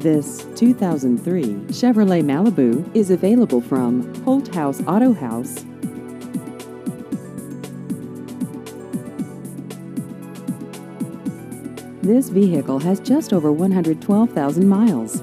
This 2003 Chevrolet Malibu is available from Holt House Auto House. This vehicle has just over 112,000 miles.